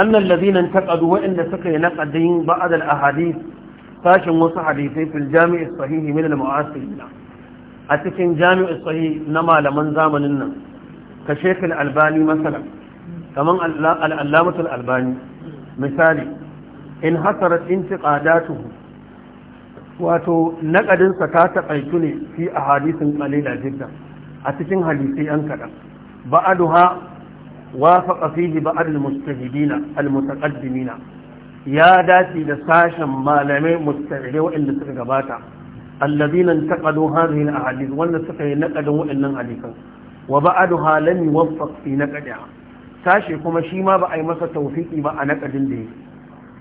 annan lazinan taƙadu waɗanda suka yi naƙadin ba'adal a hadis sashen wasu hadisai fil jami'ar sahihi min al-mu'asirina a cikin jami'ar sahihi na malaman zamanin nan ka shekul albani masala kamar al'allamatul albani misali in in hasarar intiƙadatuhu wato naƙadinsa ta taƙaitu ne fi a hadisin ƙalila jirgin, a cikin hadisai an kaɗan ba'aduha wafaqa fihi ba'd al-mustahidin al-mutaqaddimin ya dace da sashen malamai mustahidai wanda suka gabata alladhina intaqalu hadhihi al-ahadith wanda suka yi naqadin waɗannan hadisan wa ba'daha lam yuwaffaq fi naqdiha sashi kuma shi ma ba a yi masa tawfiki ba a naqadin da yake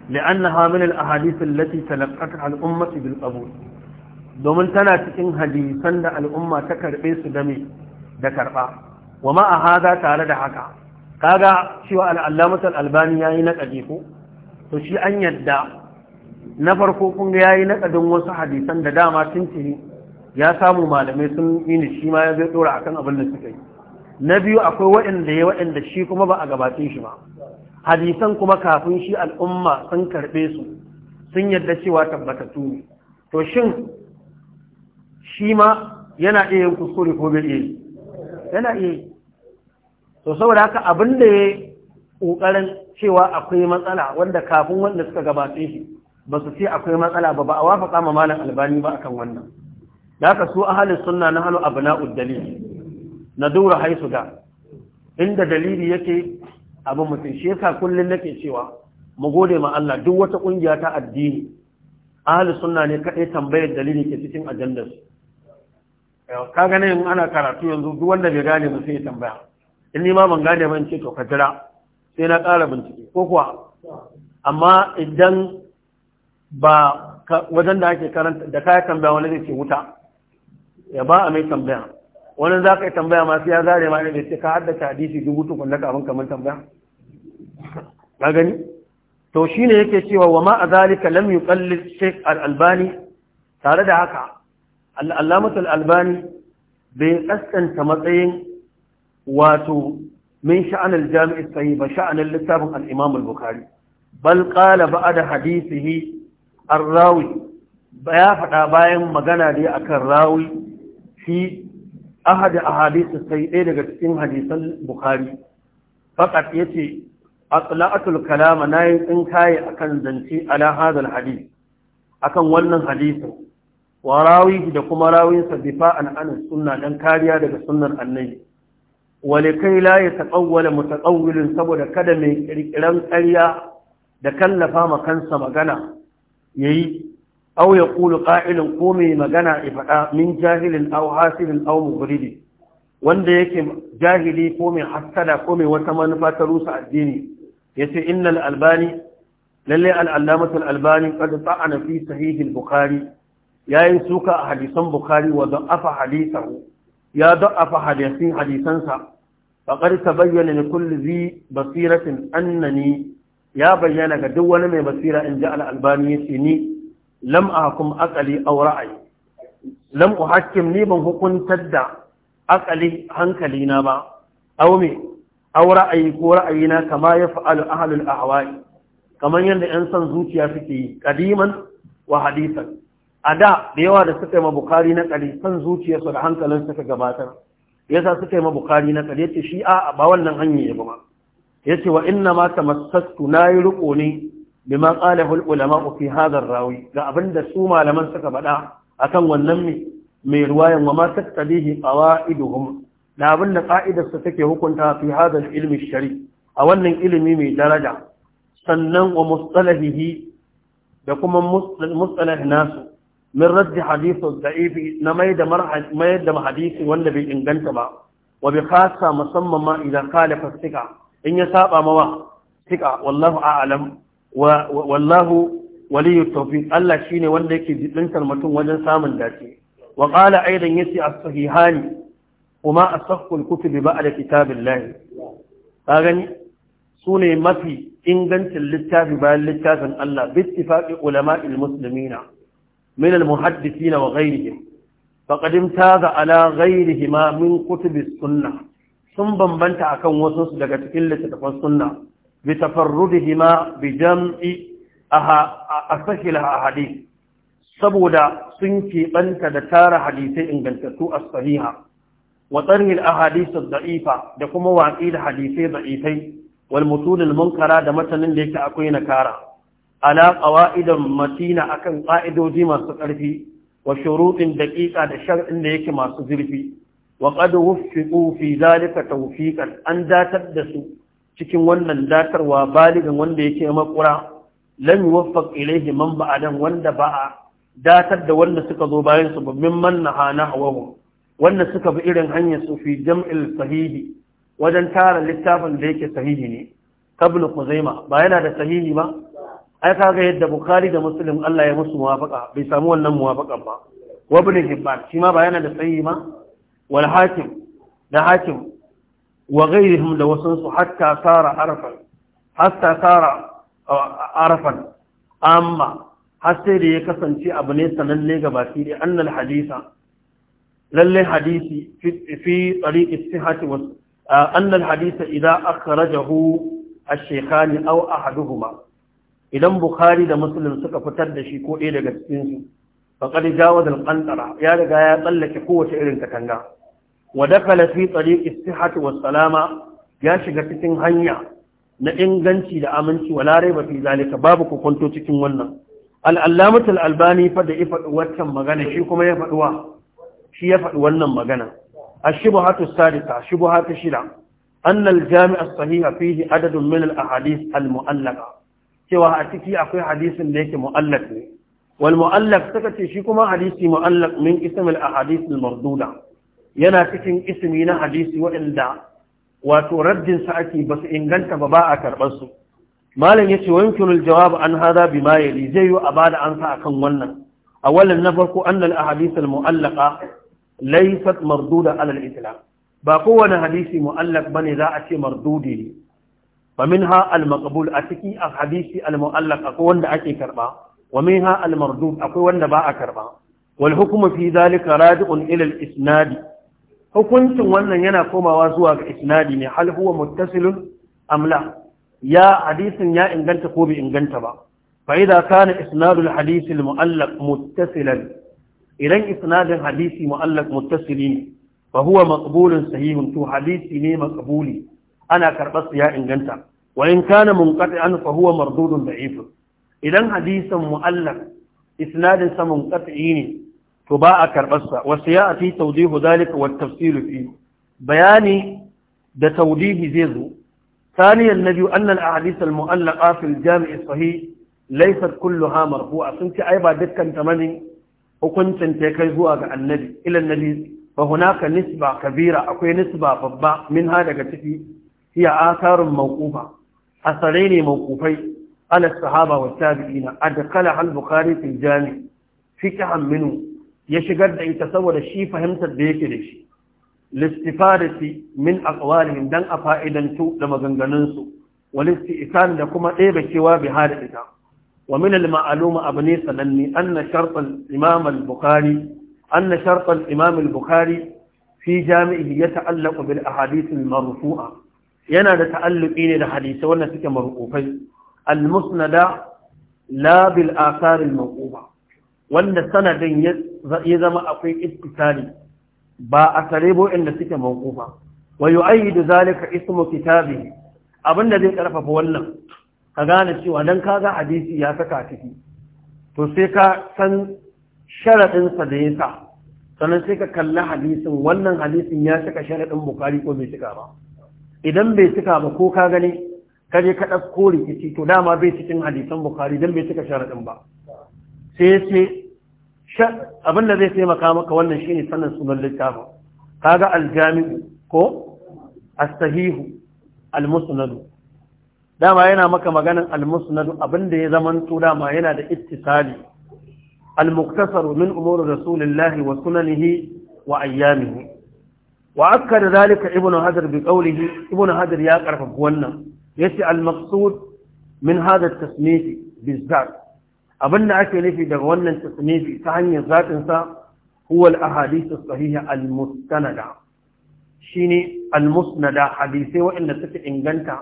لأنها من الأحاديث al'umma تلقتها الأمة بالقبول domin tana cikin hadisan da al'umma ta karɓe su da da karɓa wa ma'a haza tare da haka kaga cewa al'allamatul albani ya yayi naƙadi ko to shi an yadda na farko kunga ya yayi naƙadin wasu hadisan da dama tuntuni ya samu malamai sun yi shi ma ya zai a kan abin da suka yi na biyu akwai waɗanda ya waɗanda shi kuma ba a gabatin shi ba hadisan kuma kafin shi al'umma sun karɓe su sun yadda cewa tabbatattu ne to shin shi ma yana iya yin kuskure ko bai iya yi yana iya yi to saboda haka abin da ya ƙoƙarin cewa akwai matsala wanda kafin wanda suka gabace shi ba su ce akwai matsala ba ba a wafa kama malam albani ba akan wannan da haka su ahalin sunna na halu abu na'ud dalili na dura haisu da inda dalili yake abu mutum shi yasa kullum nake cewa mu gode ma Allah duk wata ƙungiya ta addini ahalin sunna ne kaɗai tambayar dalili ke cikin ajandar su kaga ne ana karatu yanzu duk wanda bai gane mu sai tambaya in ni ma ban gane ban ce to ka jira sai na ƙara bincike ko kuwa amma idan ba wajen da ake karanta da kaya tambaya wani zai ce wuta ya ba a mai tambaya wani za ka yi tambaya masu ya zare ma ne ce ka haddace hadisi dubu tukun ka kafin kamar tambaya ka gani to shine yake cewa wa ma a zalika lam yuqallil shaykh al-albani tare da haka al-allamatu al-albani bai kaskanta matsayin wato min sha'anar jami'i sai ba sha'anar littafin al-imam al-bukhari da qala ba'da hadisihi rawi ya faɗa bayan magana ya akan rawi fi ahadi ahadisi sai ɗaya daga cikin hadisan bukhari ce, yace atla'atul kalama nayin in a kan zance ala hadal hadis akan wannan hadisin wa rawi da kuma rawinsa bifa'an an sunna dan kariya daga sunnar annabi wale kai la ya taƙawwala mutaƙawwilin saboda kada mai ƙirƙiran ƙarya da kallafa ma kansa magana ya yi au ya ƙulu ƙa'ilin ko mai magana ya faɗa min jahilin au hasirin au muguridi wanda yake jahili ko mai hassada ko mai wata manufa ta rusa addini ya ce innal albani lalle al'allamatul albani kada ta'ana fi sahihin bukari ya yi suka a hadisan bukari wa za'afa hadisahu ya da'afa hadisin hadisansa faƙar ta bayyana ne kullu zi basiratin annani ya bayyana ga duk wani mai basira in ji al'albani ya ce ni lam a hukum akali au ra'ayi lam u hakim ni ban hukuntar da akali hankali na ba au me au ra'ayi ko ra'ayi na kama ya fa'alu ahlul ahwa'i kamar yadda 'yan son zuciya suke yi kadiman wa hadisan a da da yawa da suka yi ma bukari na kadi son zuciyarsu da hankalin suka gabatar yasa suka yi ma bukari na kare ce shi a ba wannan hanya ya ba yace wa inna ma tamassaktu na yi riko ne bima qalahu ulama fi hadha rawi ga abinda su malaman suka faɗa akan wannan mai ruwayan wa ma tattabihi qawaiduhum da abinda ka'idar su take hukunta fi hazar ilmi shari a wannan ilimi mai daraja sannan wa mustalahihi da kuma mustalah nasu min raddi hadithun da'ifi na da mayar da hadisi wanda bai inganta ba wa bi khassa musamman ma idan khalafa sika in ya saba mawa sika wallahu a'lam wallahu waliyyu Taufi, Allah shine wanda yake jibintar mutum wajen samun dace wa qala aidan yasi as-sahihani kuma as-sahhu al-kutubi ba'da kitabillah ka gani sune mafi ingancin littafi bayan littafin Allah bi ittifaqi ulama'il muslimina من المحدثين وغيرهم فقد امتاز على غيرهما من كتب السنة sun bambanta akan wasu daga cikin littattafan sunna bi tafarrudihima bi jam'i asahil ahadith saboda sun keɓanta da tara hadisai ingantattu a sahiha wa tsarin ahadisu da'ifa da kuma watsi da hadisai da'ifai wal mutunin munkara da matanin da yake akwai nakara ala qawaidan matina akan ƙa'idoji masu ƙarfi wa shurutin daƙiƙa da shar'in da yake masu zurfi wa qad wuffiqu fi zalika tawfiqan an datar da su cikin wannan datarwa baligan wanda yake makura lam yuwaffaq ilayhi man ba'adan wanda ba'a datar da wanda suka zo bayan su babban manna nahana hawahu wanda suka bi irin hanyar su fi jam'il sahihi wajen tara littafin da yake sahihi ne kabul kuzaima ba yana da sahihi ba ai kaga yadda bukhari da muslim Allah ya musu muwafaqa bai samu wannan muwafaqan ba wa ibn hibban shi ma bayana da sahihi ma wal hakim da hakim wa ghayrihim da wasu su hatta sara arfan hatta sara arfan amma har sai da ya kasance abu ne sananne ga baki da annal hadisa lalle hadisi fi tsariƙi sihati wasu annal hadisa idan akhrajahu ash-shaykhani aw ahaduhuma idan bukhari da muslim suka fitar da shi ko ɗaya daga cikinsu faƙar al alƙantara ya riga ya tsallake kowace irin katanga wa dakala fi tsariq istihati salama ya shiga cikin hanya na inganci da aminci wala raiba fi zalika babu kokonto cikin wannan al albani fa da faɗi waccan magana shi kuma ya faɗi shi ya faɗi wannan magana A shubhatu as-sadisa shubhatu shida anna jami'a sahiha fihi adadun min al al mu'allaka cewa a ciki akwai hadisin da yake mu'allaf ne wal mu'allaf suka ce shi kuma hadisi mu'allaf min ism al ahadith al marduda yana cikin ismi na hadisi waɗanda wato raddin sa ake ba su inganta ba ba a karɓar su malam yace wa yumkinu al jawab an hada bima yali zai yi a bada ansa akan wannan awalan na farko annal ahadith al mu'allaqa laysat marduda ala al itlaq ba kowane hadisi mu'allaf bane za a ce mardudi ne faminha al-maqbul a ciki a hadisi al-mu'allaq akwai wanda ake karba wa minha al-mardud akwai wanda ba a karba wal hukmu fi zalika raji'un ila al-isnad hukuncin wannan yana komawa zuwa ga isnadi ne hal huwa muttasilun am la ya hadisin ya inganta ko bai inganta ba fa idza kana isnadul hadisi al idan hadisi ne fa huwa maqbulun to hadisi ne maqbuli ana karɓar su inganta wa in kana munkati an fa huwa mardudun da'if idan hadisan mu'allaf isnadin sa munkati ne to ba a karɓar sa wa siyati tawdihu dalika wa tafsilu fi bayani da tawdihi zai zo thaniyan nabi annan a hadisan al mu'allaqa fi al jami' al sahih laysat kulluha marfu'a sun ci ai ba dukkan ta hukuncin ta kai zuwa ga annabi ila annabi fa hunaka nisba kabira akwai nisba babba min ha daga ciki hiya Maukufa, mawqufa asarai ne mawqufai ala sahaba wa tabi'ina adkala al bukhari fi jami fiqhan minhu ya shigar da ita saboda shi fahimtar da yake da shi listifadati min aqwalihim dan a fa'idantu da maganganunsu walisti'tan da kuma ɗebe cewa bi hada ita wa min ma'aluma abu ne sananni anna shart al-imam al-bukhari anna shart al-imam al fi jami'ihi yata'allaqu bil ahadith al-marfu'a yana da ta'alluki ne da hadisai wannan suke marufai al-musnada la bil athar wanda sanadin ya zama akwai ittisali ba a karebo inda suke manquba wa yu'ayyidu zalika ismu kitabi abinda zai ƙarfafa wannan ka gane cewa dan ga hadisi ya saka ciki to sai ka san sharaɗinsa da da yasa sannan sai ka kalli hadisin wannan hadisin ya saka sharaɗin bukari ko bai saka ba idan bai cika ba ko ka gani ka je ka ɗauko rikici to dama bai cikin hadisan bukari idan bai cika sharaɗin ba sai ya ce abin da zai taimaka maka wannan shi ne sannan sunan littafin ga aljami'u ko astahihu sahihu dama yana maka maganan almusnadu abin abinda ya zama to dama yana da ittisali al-muktasar min umur rasulillahi wa sunanihi wa ayyamihi وأكد ذلك ابن هدر بقوله ابن هدر يا قرف قولنا يسي المقصود من هذا التصنيف بالذات أبن أكي في دغوانا التصنيف تعني الذات إنسا هو الأحاديث الصحيحة المستندة شيني المسندة حديثي وإن سك إنجنتا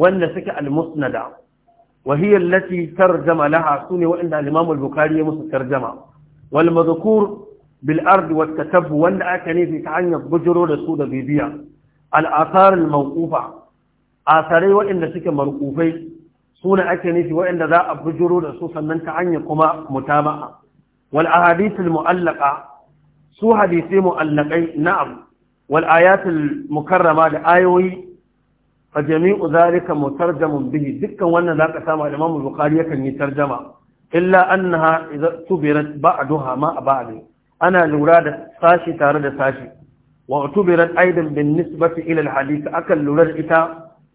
وإن سك المسندة وهي التي ترجم لها سوني وإن الإمام البخاري مسترجمة والمذكور bil ardi wat wanda aka nufi ta hanyar bujiro da su da bibiya al athar al mawqufa asarai waɗanda suke marqufai suna ake nufi waɗanda za a da su sannan ta hanyar kuma mutaba'a wal ahadith al mu'allaqa su hadisi mu'allaqai na'am wal ayat al mukarrama da ayoyi fa jami'u zalika mutarjamun bihi dukkan wannan zaka samu Imam Bukhari yakan yi tarjama illa annaha idza tubirat ba'daha ma ba'd ana lura da sashi tare da sashi wa utubirat aidan bin nisbati ila alhadith akan lura da ita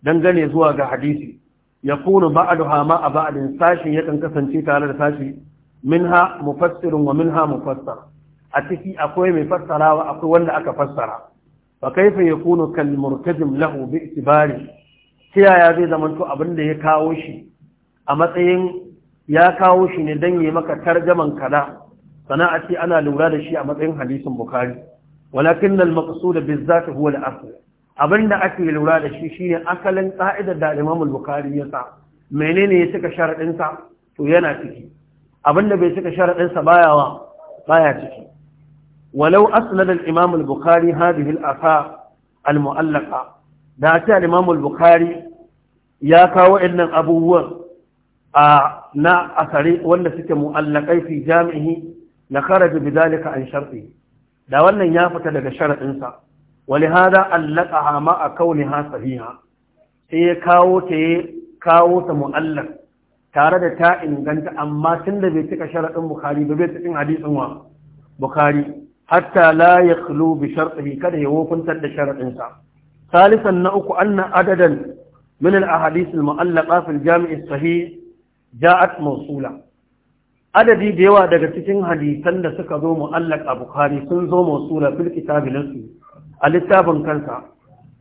dangane zuwa ga hadisi yakunu ba'daha ma a ba'din sashi yakan kasance tare da sashi minha mufassirun wa minha mufassar a ciki akwai mai fassarawa akwai wanda aka fassara fa kaifa yakunu kal murtajim lahu bi itibari tiyaya zai zamanto abin da ya kawo shi a matsayin ya kawo shi ne dan yi maka tarjaman kada sana'a ce ana lura da shi a matsayin hadisin bukari walakin nan maqsuda bizzat huwa al-asl abinda ake lura da shi shine asalin ka'idar da Imam al-Bukhari ya sa menene ya cika sharaɗinsa? to yana ciki abinda bai cika sharaɗinsa bayawa, baya ciki walau asnada al-Imam al-Bukhari hadhihi al-afa al-mu'allaqa da ta Imam al-Bukhari ya kawo innan abubuwan a na asari wanda suke mu'allaqai fi jami'i la kharaja zalika an sharɗi. da wannan ya fita daga sharaɗinsa. sharadin allaka hama a ma kauniha sahiha sai ya kawo ta kawo ta mu'allaq tare da ta inganta amma da bai cika sharaɗin bukari, ba bai cikin hadisin wa Bukari, hatta la yakhlu bi shartihi kada ya wofuntar da sharaɗinsa. salisan na uku anna adadan min al ahadith mu'allaqa fi jami'i jami' as sahih ja'at mawsula adadi da yawa daga cikin hadisan da suka zo mu'allaq a bukhari sun zo mausula fil kitabi nasu a littafin kansa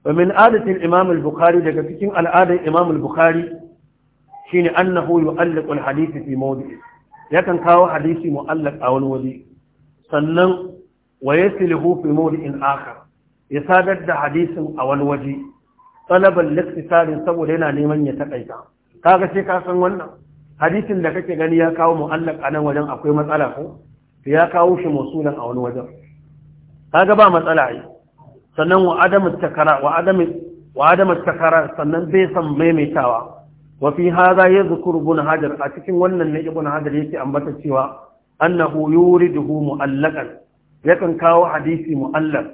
wa min adati al bukhari daga cikin al'adar imamul al-bukhari shine annahu yu'allaqu al-hadith fi mawdi'i yakan kawo hadisi mu'allaq a wani waje sannan wa yasluhu fi mawdi'in aka ya sadar da hadisin a wani waje talaban liktisarin saboda yana neman ya takaita kaga sai ka san wannan hadisin da kake gani ya kawo mu'allaq a nan wajen akwai matsala ko ya kawo shi musulan a wani wajen kaga ba matsala ai sannan wa adamu takara wa adamu wa adamu takara sannan bai san maimaitawa wa fi hadha yadhkuru ibn hajar a cikin wannan ne ibn hajar yake ambata cewa annahu yuriduhu mu'allaqan yakan kawo hadisi mu'allaq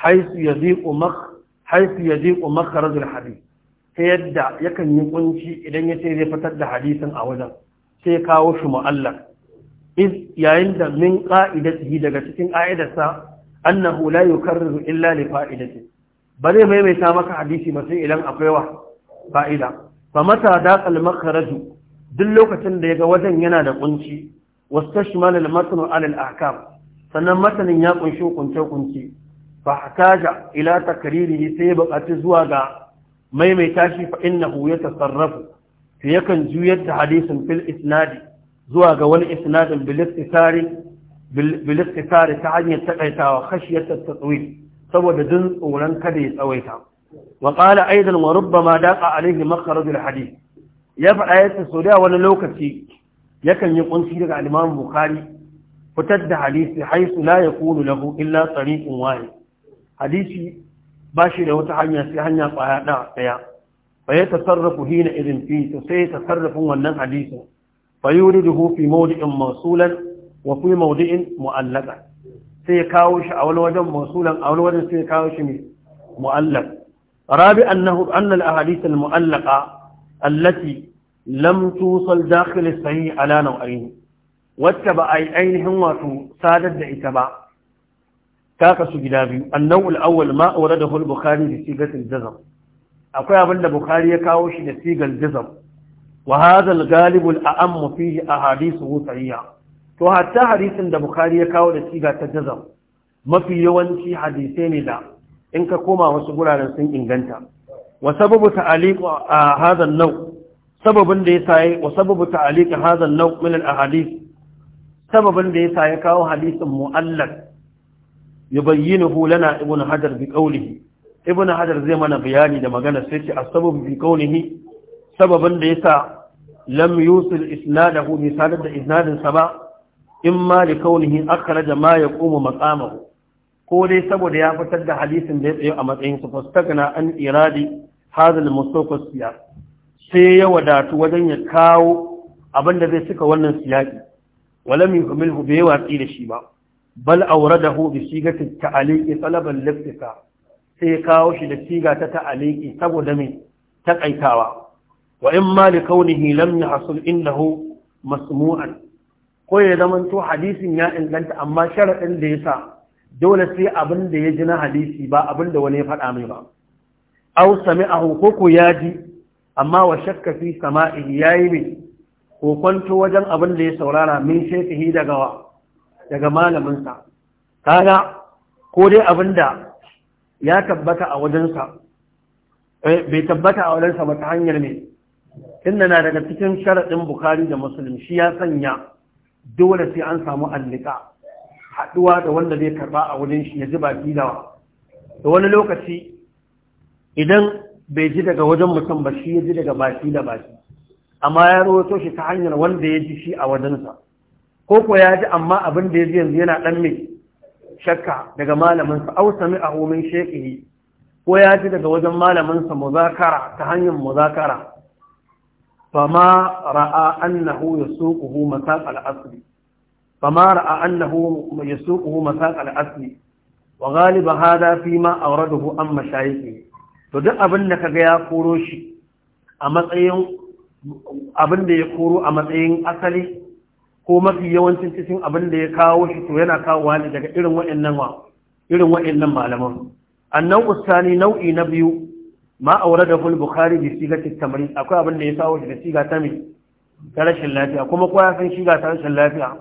haythu yadhiqu makh haythu yadhiqu makhraj hadith ta yadda yakan yi kunci idan ya ce zai fitar da hadisin a wajen sai kawo shi mu'allaf iz yayin da min qa'idatihi daga cikin qa'idarsa annahu la yukarriru illa li fa'idati ba zai maimaita maka hadisi ba sai idan akwai wa fa'ida fa mata daqal makharaj duk lokacin da yaga wajen yana da kunci wastashmal al matn al al ahkam sannan matanin ya kunshi kunce kunce fa hataja ila takririhi sai buƙaci zuwa ga maimaita shi fa innahu yatasarrafu ta yakan juyar da hadisin fil isnadi zuwa ga wani isnadin bil ta hanyar takaitawa khashiyat ta tatwil saboda din tsoron kada ya tsawaita wa qala aidan wa rubbama daqa alayhi makhraj al-hadith ya faɗa yace sau da wani lokaci yakan yi kunci daga al-Imam fitar da hadisi haisu la yakunu lahu illa tariqun wahid hadisi ba shi da wata hanya sai hanya kwaya ɗaya fa ya tasarrafu hina irin fi to sai ya tasarrafin wannan hadisin fa yuriduhu fi mawdi'in mawsulan wa fi mawdi'in mu'allaqan sai ya kawo shi a wani wajen mawsulan a wani wajen sai ya kawo shi mu'allaq rabi annahu anna al-ahadith al-mu'allaqa allati lam tusal dakhil as-sahih ala naw'ayn wacce ba a yi ainihin wato sadar da ita ba ta su gida biyu annawul awwal ma awradahu al-bukhari bi sigatil jazm akwai abin da bukhari ya kawo shi da sigal jazm wa hadha al-ghalib al-a'am fihi ahadithu sahiha to hatta hadisin da bukhari ya kawo da siga ta jazm mafi yawanci hadisai ne da in ka koma wasu guraren sun inganta wa sababu ta'aliq hadha an-naw sababin da yasa yi wa sababu ta'aliq hadha naw min al-ahadith sababin da yasa ya kawo hadisin mu'allaq yubayyinuhu lana ibnu hajar bi qawlihi ibnu hajar zai mana bayani da magana sai ce asbabu bi qawlihi sababan da yasa lam yusil isnadahu bi sadad da isnadin sa ba imma li kaunihi akhraja ma koma maqamahu ko dai saboda ya fitar da hadisin da ya tsayo a matsayin su fastagna an iradi hadha al-mustaqas sai ya wadatu wajen ya kawo abin da zai cika wannan siyaki walam yuhmilhu bai yi watsi da shi ba bal awradahu bi sigati ta'liqi talaban liftika sai kawo shi da siga ta ta'liqi saboda me takaitawa wa in ma li kaunihi lam yahsul innahu masmu'an ko ya zaman to hadisin ya inganta amma sharadin da yasa dole sai abin da ya ji na hadisi ba abin da wani ya faɗa mai ba aw sami'ahu ko ko ya ji amma wa shakka fi sama'i yayi ne ko kwanto wajen abin da ya saurara min shekihi daga wa daga malaminsa kaga ko dai abinda ya tabbata a wajensa eh, bai tabbata a wajensa ba ta hanyar ne inda na daga cikin sharaɗin bukari da musulun shi ya sanya dole sai an samu allika haɗuwa da wanda zai karɓa a wajen shi ya ji ba da wani lokaci idan bai ji daga wajen mutum ba shi ya ji daga baki da baki amma ya rawato shi ta hanyar wanda ya ji shi a wajensa ko ko ya ji amma abin da ya ji yanzu yana ɗan mai shakka daga malaminsa ausami a homin shekihi ko ya ji daga wajen malaminsa muzakara ta hanyar muzakara ba ma ra'a annahu ya suƙuhu masaƙ al'asiri ma ra'a annahu ya suƙuhu masaƙ al'asiri wa galiba hada fi ma auraduhu an mashayiki to duk abin da ka ga ya koro shi a matsayin abin da ya koro a matsayin asali ko mafi yawancin cikin abin da ya kawo shi to yana kawowa ne daga irin waɗannan wa irin wa'annan malaman annan ustani nau'i na biyu ma aure da ful bukhari bi siga tamrin akwai abin da ya kawo shi da siga ta mi ta rashin lafiya kuma ko ya san siga ta rashin lafiya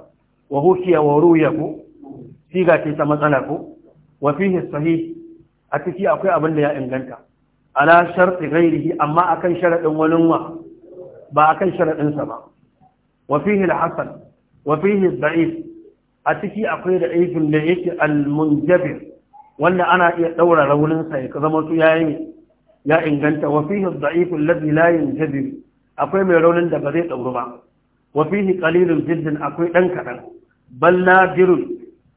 wa hukiya wa ruya ko siga ce ta matsala ko wa fihi sahih a ciki akwai abin da ya inganta ala sharti ghairihi amma akan sharadin wa? ba akan sharadin sa ba wa fihi al-hasan wa fihi a ciki akwai da aifin da yake al-munjabir wanda ana iya daura raunin sa ya zama su ya inganta wa fihi da'if layin la yunjabir akwai mai raunin da ba zai dauru ba wa fihi qalilun jiddan akwai dan kadan bal nadirun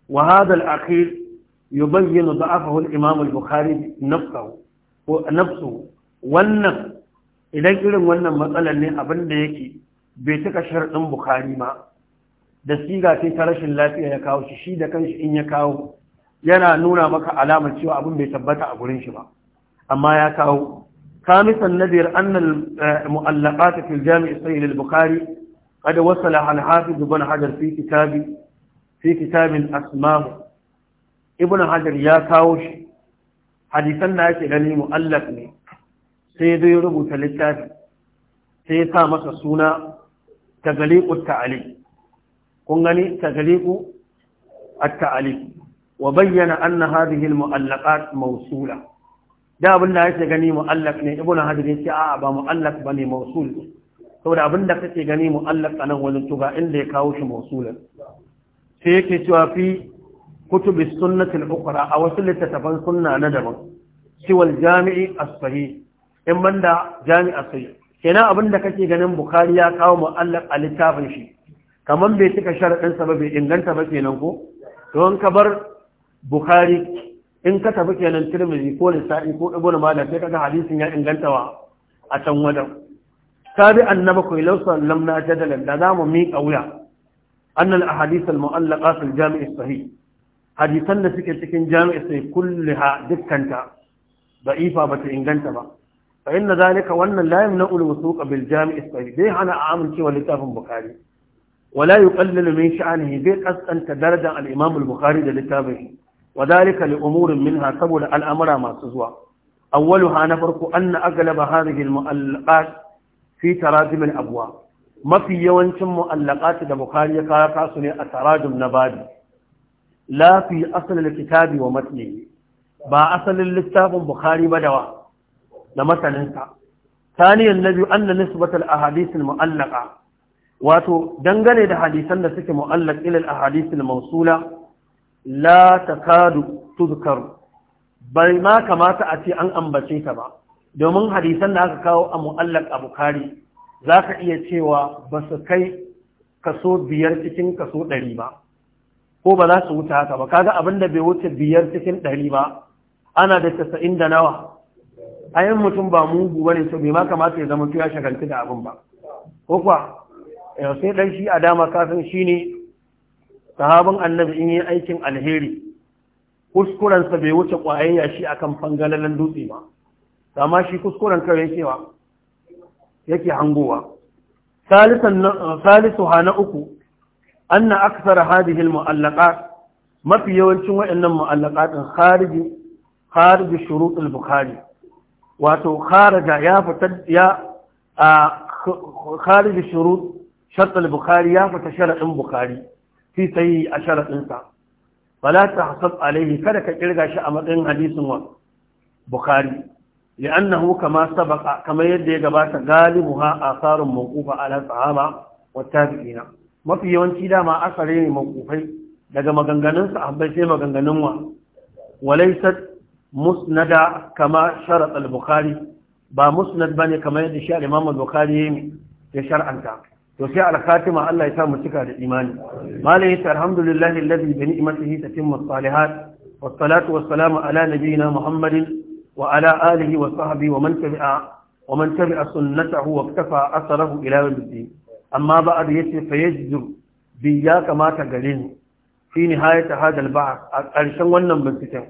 wa hadha al-akhir yubayyinu da'afahu al-imam al-bukhari nafsuhu nafsuhu wannan idan irin wannan matsalar ne abin da yake bai cika sharɗin bukhari ma da siga sai ta rashin lafiya ya kawo shi shi da kanshi in ya kawo yana nuna maka alamar cewa abin bai tabbata a gurin shi ba amma ya kawo khamisan nadir annal eh, mu'allaqat fi jami' sayyid al-bukhari qad wasala an hafiz ibn hajar fi kitabi fi kitab al-asma' ibn hajar ya kawo shi hadisan na yake gani mu'allaq ne sai dai rubuta littafi sai ya sa masa suna tagaliqut ta'ali kun gani tagaliku at-ta'alif wa bayyana anna hadhihi al-mu'allaqat mawsula da abinda da ce gani mu'allaq ne ibnu hajar yace a'a ba mu'allaq ba ne saboda abin da kake gani mu'allaq anan wajen tuga inda ya kawo shi mawsulan sai yake cewa fi كتب السنة الأخرى أو سلة تفن سنة ندما سوى الجامع الصحيح إن من دا جامع الصحيح كنا أبن دا ganin غنم ya kawo مؤلق a littafin shi. kamar bai cika sharaɗinsa ba bai inganta ba kenan ko don ka bar Buhari in ka tafi kenan tirmizi ko lissa'i ko ibn majah sai kaga hadisin ya inganta wa a can wajen tabi annaba ko law sallamna jadalan da mu miƙa wuya. annal a al mu'allaqa fil jami' as hadisan da suke cikin jami'i sai kulliha dukkanta ba bata inganta ba fa inna zalika wannan la na al wusuq bil jami' as sahih hana a amincewa littafin bukhari wala yuqallilu min sha'anihi bi qasanta darajan al-imam al-bukhari da littafihi وذلك لأمور منها سبل الأمر ما سزوا أولها نفرق أن أغلب هذه المؤلقات في تراجم الأبواب ما في يوانش مؤلقات البخاري كاكاسني التراجم نبادي لا في أصل الكتاب ومتنه با أصل الكتاب بخاري بدوا لمثل انت ثانيا الذي أن نسبة الأحاديث المؤلقة wato dangane da hadisan da suke mu'allaq ila al-ahadith al-mawsula la takadu tuzkar bai ma kamata a ce an ambace ta ba domin hadisan da aka kawo a mu'allaq a bukhari zaka iya cewa ba su kai kaso biyar cikin kaso 100 ba ko ba za su wuce haka ba kaga abin da bai wuce biyar cikin 100 ba ana da 90 da nawa ayin mutum ba mugu bane to bai ma kamata ya zama ya shagaltu da abin ba ko kuwa ya sai dan shi a dama kafin shi ne sahabin annabi in yi aikin alheri kuskurensa bai wuce ƙwayayya shi akan fangalalan dutse ba amma shi kuskuren kare cewa yake hangowa salisu hana na uku anna aksara hadhihi almu'allaqat mafi yawancin wayannan mu'allaqatin khariji khariji shurut al-bukhari wato kharaja ya fitar ya khariji shurut sharɗin bukari ya fita sharaɗin bukari fi sayi a sharaɗinsa fala ta hasab alaihi kada ka kirga shi a matsayin hadisin wa bukari li'annahu kama sabaqa kamar yadda ya gabata galibuha asarun mawqufa ala sahaba wa tabi'ina mafi yawanci dama asare ne mawqufai daga maganganun sahabbai sai maganganun wa walaysat musnada kama sharat bukhari ba musnad bane kamar yadda shi al-imam al-bukhari ya shar'anta to sai al-khatima Allah ya sa mu cika da imani malai yace alhamdulillahi alladhi bi ni'matihi tatimmu as-salihat was-salatu was-salamu ala nabiyyina muhammadin wa ala alihi wa sahbihi wa man tabi'a wa man tabi'a sunnatahu wa iktafa atharahu ila yawm al-din amma ba'd yace fayajdu bi ya kamata gare ni fi nihayat hadha al-ba'th a karshen wannan binciken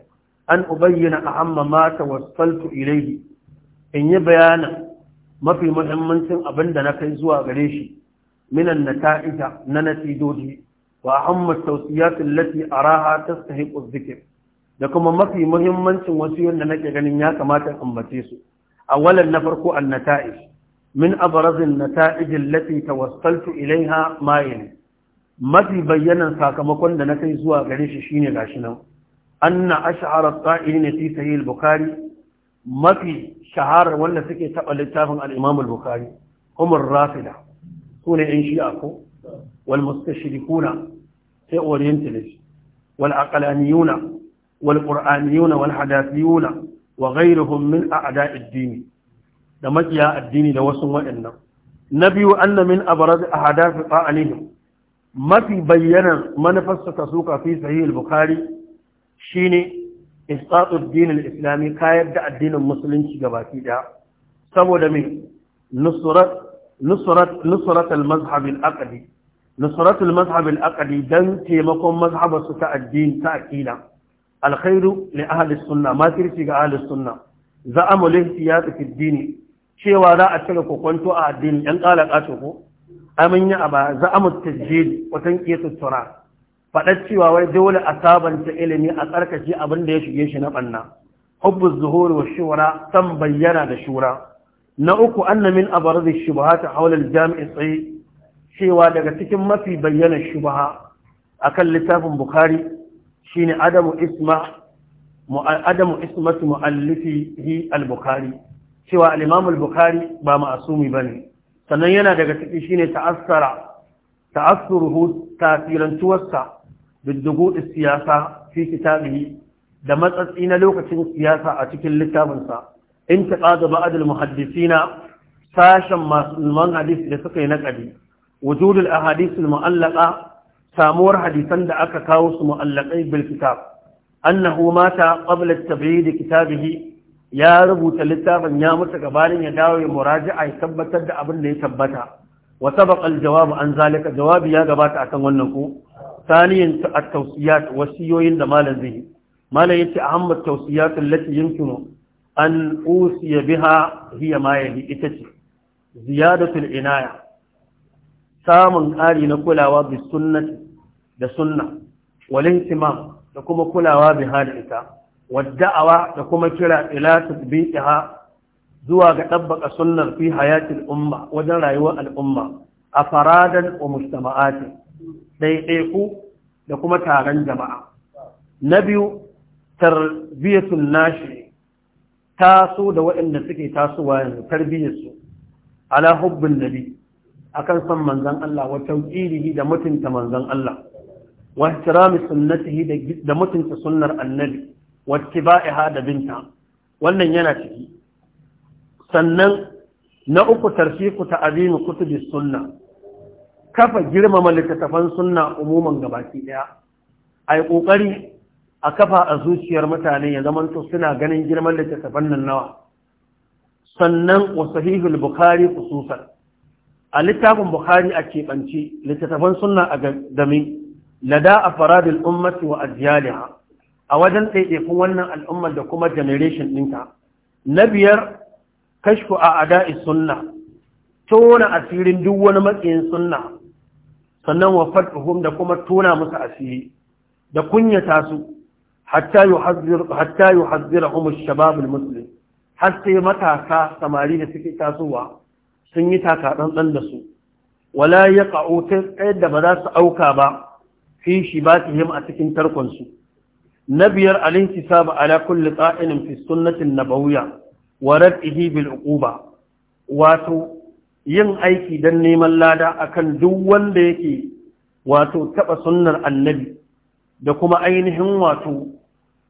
an ubayyana ahamma ma tawassaltu ilayhi in yi bayana mafi muhimmancin abin da na kai zuwa gare shi من النتائج ننتيجوجي وأهم التوصيات التي أراها تستحق الذكر لكم ما في مهم وسيون لنك غنيا كما تنبتيسو أولا نفرق النتائج من أبرز النتائج التي توصلت إليها ما يلي ما في بينا ساكمكن لنك يزوى غريش شيني غاشنا أن أشعر الطائرين في سهي البخاري ما في شعار ولا سكي تقل التافن الإمام البخاري هم الرافدة su ne yan shi'a ko wal mustashriquna sai orientalist wal Walƙur'aniyuna- wal wa ghayruhum min a'da'i ad da makiya addini da wasu waɗannan na biyu anna min abrad ahadath ta'alihim mafi bayyanar manufarsa ta suka fi sahih al-bukhari shine إسقاط الدين kayar da addinin musulunci شجباتي دا saboda دمي nusrat nusrat al-mazhab al-aqdi dan taimakon mazhabar ta addini ta aqida alkhairu li ahli sunna ma kirci ga ahli sunna za'amu lihtiyat fi ad-din cewa za a cire kokonto a addini yan kala kace ko amanya aba za'amu tajjid wa tanqiyatu tura fadar cewa wai dole a sabanta ilimi a tsarkake abin da ya shige shi na banna hubbu zuhuri wa shura san bayyana da shura na uku Annamin min shubaha ta haular hawla tsaye. cewa daga cikin mafi bayyana shubha akan littafin bukhari shine adamu isma adamu al-bukhari cewa al-imam al-bukhari ba ma'asumi sannan yana daga cikin shine ta'assara ta'assuruhu tasirantuwarsa biddugu siyasa fi kitabihi da matsatsi na lokacin siyasa a cikin littafinsa in taqada ba'd al-muhaddisina sashen malaman hadisi da suka yi naqadi wujud al-ahadith al-mu'allaqa samuwar hadisan da aka kawo su mu'allaqai bil kitab annahu mata qabla at-tab'id kitabihi ya rubuta littafin ya mutu gabanin ya dawo ya muraji'a ya tabbatar da abin da ya tabbata wa sabaqa al-jawab an zalika jawabi ya gabata akan wannan ko ثانيا التوصيات وسيوين لما Malam ما لا يتي أهم التوصيات التي يمكن an usiya biha hiya ma yahi ita ce ziyadatul inaya samun ƙari na kulawa bi sunnati da sunna wal da kuma kulawa bi hada ita wadda'awa da kuma kira ila tatbiqiha zuwa ga dabbaka sunnar fi hayatil umma wajen rayuwar al'umma a faradan wa mujtama'ati ɗaiɗaiku da kuma taron jama'a na biyu tarbiyatun nashi taso da waɗanda suke tasowa yanzu tarbiyyarsu ala hubbin nabi akan san manzon Allah wa tauqirihi da mutunta manzon Allah wa ihtirami sunnatihi da mutunta sunnar annabi wa ittiba'iha da binta wannan yana ciki sannan na uku tarfiku azim kutubi sunna kafa girmama littattafan sunna umuman gabaki daya ai kokari a kafa a zuciyar mutane ya zamanto suna ganin girman littattafan nan nawa sannan wa sahihul bukhari khususan a littafin bukhari a keɓance littattafan sunna a game lada a faradul ummati wa ajiyaliha a wajen ɗaiɗaikun wannan al'ummar da kuma generation ɗinta na biyar kashku a ada'i sunna tona asirin duk wani matsayin sunna sannan wa fatuhum da kuma tona musu asiri da kunyata su hatta yuhazzir hatta yuhazzirahum ash-shabab al har sai samari da suke tasowa sun yi taka dan da su wala yaqa'u tsayar da ba za su auka ba fi shibatihim a cikin tarkon su nabiyar al-intisab ala kulli qa'inin fi sunnati an-nabawiyya wa rad'ihi bil uquba wato yin aiki don neman lada akan duk wanda yake wato taɓa sunnar annabi da kuma ainihin wato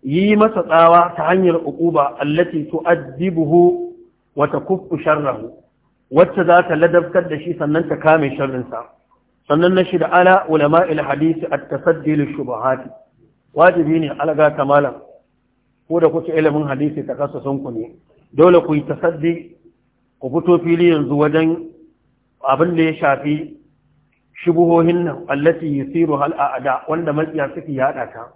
yi masa tsawa ta hanyar uquba allati tu'addibuhu wa takuffu sharrahu wacce za ta ladabtar da shi sannan ta kame sharrinsa sannan na shida ala ulama il hadisi at-tasaddi lil shubuhati wajibi ne alaga ta malam ko da kuke ilimin hadisi ta kasa ku ne dole ku yi tasaddi ku fito fili yanzu wajen abin da ya shafi shubuhohin nan allati yusiru hal da wanda makiya suke yada ta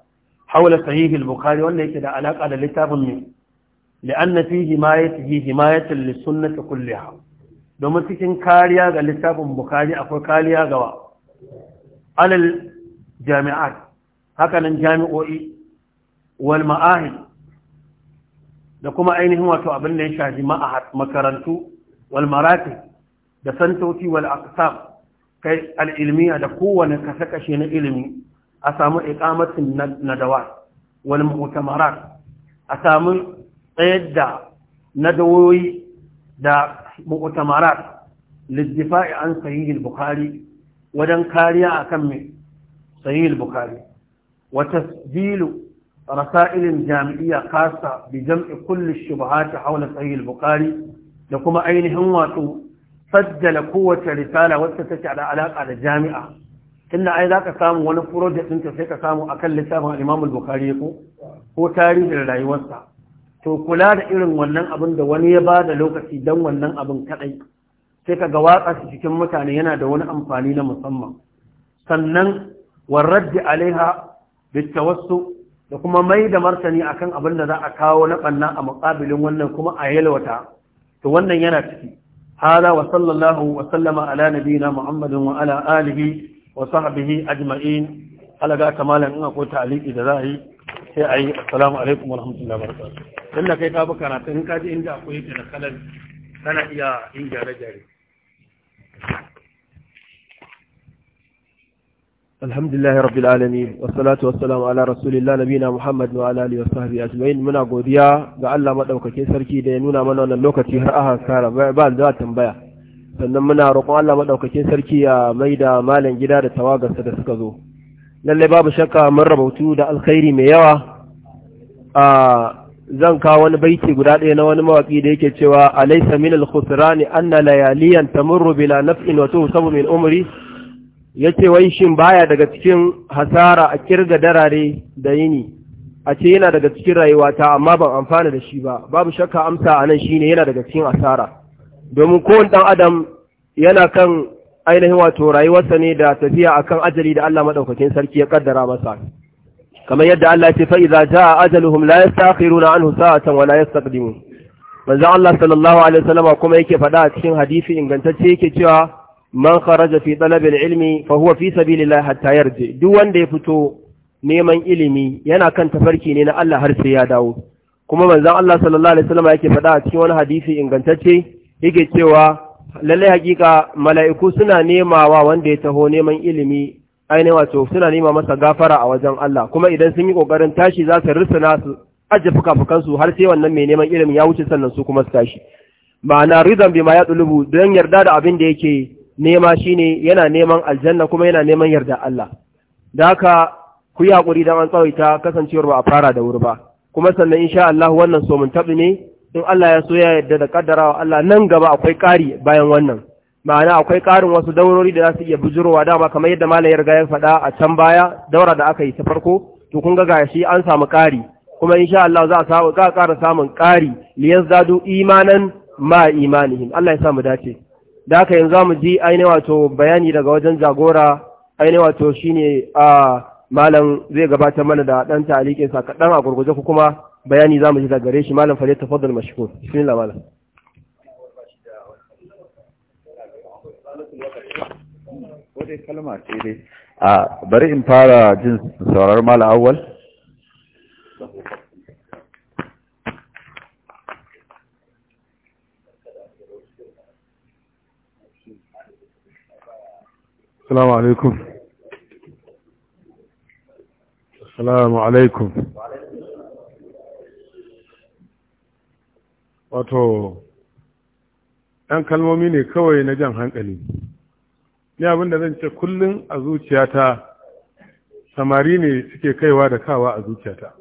haula sahihi al-bukhari wanda yake da alaka da littafin mu li'anna fihi ma yatihi himayatan lis kulliha domin cikin kariya ga littafin bukhari akwai kariya ga alal jami'at hakanan jami'o'i wal ma'ahid da kuma ainihin wato abin da ya shafi ma'ahad makarantu wal maratib da santoci wal aqsam kai al-ilmiya da kowane kasakashe na ilimi a samu iqamatin nadawa wani mu'tamarat a samu tsayar da nadawoyi da mu'tamarat liddifa'i an sayi al wajen kariya akan mai sayi al Wata wa rasailin jami'iyya kasa bi jam'i kulli shubuhat hawla sahih sayi bukhari da kuma ainihin wato sajjala kowace risala wacce take da alaka da jami'a tunda ai zaka samu wani project ɗinka sai ka samu akan littafin Imam Bukhari ko ko tarihin rayuwarsa to kula da irin wannan abin da wani ya ba da lokaci don wannan abin kaɗai sai ka ga watsa cikin mutane yana da wani amfani na musamman sannan warraddi alaiha bitawassu da kuma mai da martani akan abin da za a kawo na banna a muƙabilin wannan kuma a yalwata to wannan yana ciki hada wa sallallahu ala nabiyina muhammadin wa ala wa sahbihi ajma'in alaga kamalan in akwai ta'aliki da za a yi sai a yi assalamu alaikum wa wa barakatuh dan da kai ka bi karatu in ka ji inda akwai da kalan kana iya yin gyare-gyare الحمد لله رب العالمين والصلاة والسلام على رسول الله نبينا محمد وعلى آله وصحبه أجمعين muna godiya ga Allah madaukakin sarki da ya nuna mana wannan lokaci har a kara ba da tambaya sannan muna roƙon Allah maɗaukakin sarki ya mai da malam gida da tawagarsa da suka zo lallai babu shakka mun rabautu da alkhairi mai yawa a zan kawo wani baiti guda ɗaya na wani mawaƙi da yake cewa laisa min al anna layaliyan tamurru bila naf'in wa tuhsabu min umri yace wai shin baya daga cikin hasara a kirga darare da yini a ce yana daga cikin rayuwata amma ban amfana da shi ba babu shakka amsa a anan shine yana daga cikin asara domin kowane ɗan adam yana kan ainihin wato rayuwarsa ne da tafiya akan ajali da Allah maɗaukakin sarki ya kaddara masa kamar yadda Allah ya ce fa idza jaa ajaluhum la yastakhiruna anhu sa'atan wa la yastaqdimun manzo Allah sallallahu alaihi wasallam kuma yake faɗa a cikin hadisi ingantacce yake cewa man kharaja fi talab ilmi fa huwa fi sabilillah hatta yarji duk wanda ya fito neman ilimi yana kan tafarki ne na Allah har sai ya dawo kuma manzo Allah sallallahu alaihi wasallam yake faɗa a cikin wani hadisi ingantacce yake cewa lallai hakika mala'iku suna nemawa wanda ya taho neman ilimi ainihin wato suna nema masa gafara a wajen Allah kuma idan sun yi kokarin tashi za su risana su aje fuka su har sai wannan mai neman ilimin ya wuce sannan su kuma su tashi ma'ana rizan bi ma ya tsulubu don yarda da abin da yake nema shine yana neman aljanna kuma yana neman yarda Allah da haka ku yi haƙuri don an tsawaita kasancewar ba a fara da wuri ba kuma sannan insha Allah wannan somin taɓi ne in Allah ya so ya yarda da kaddarawa Allah nan gaba akwai ƙari bayan wannan ma'ana akwai ƙarin wasu daurori da za su iya bujurowa dama kamar yadda malam ya riga ya faɗa a can baya daura da aka yi ta farko to kun ga gashi an samu ƙari kuma insha Allah za a samu ka ƙara samun ƙari liyazdadu imanan ma imanihim Allah ya sa mu dace da haka yanzu mu ji ainihin wato bayani daga wajen jagora ainihin wato shine a ah, malam zai gabatar mana da ɗan talikin sa kaɗan a gurguje ku kuma بياني زام جدا قريش مالن فليت تفضل مشكور بسم الله مالا ودي كلمات إلي بري إمبارا جنس سورار مال أول السلام عليكم السلام عليكم wato ɗan kalmomi ne kawai na jan hankali ni abin da zan ce kullum a zuciyata samari ne suke kaiwa da kawa a zuciyata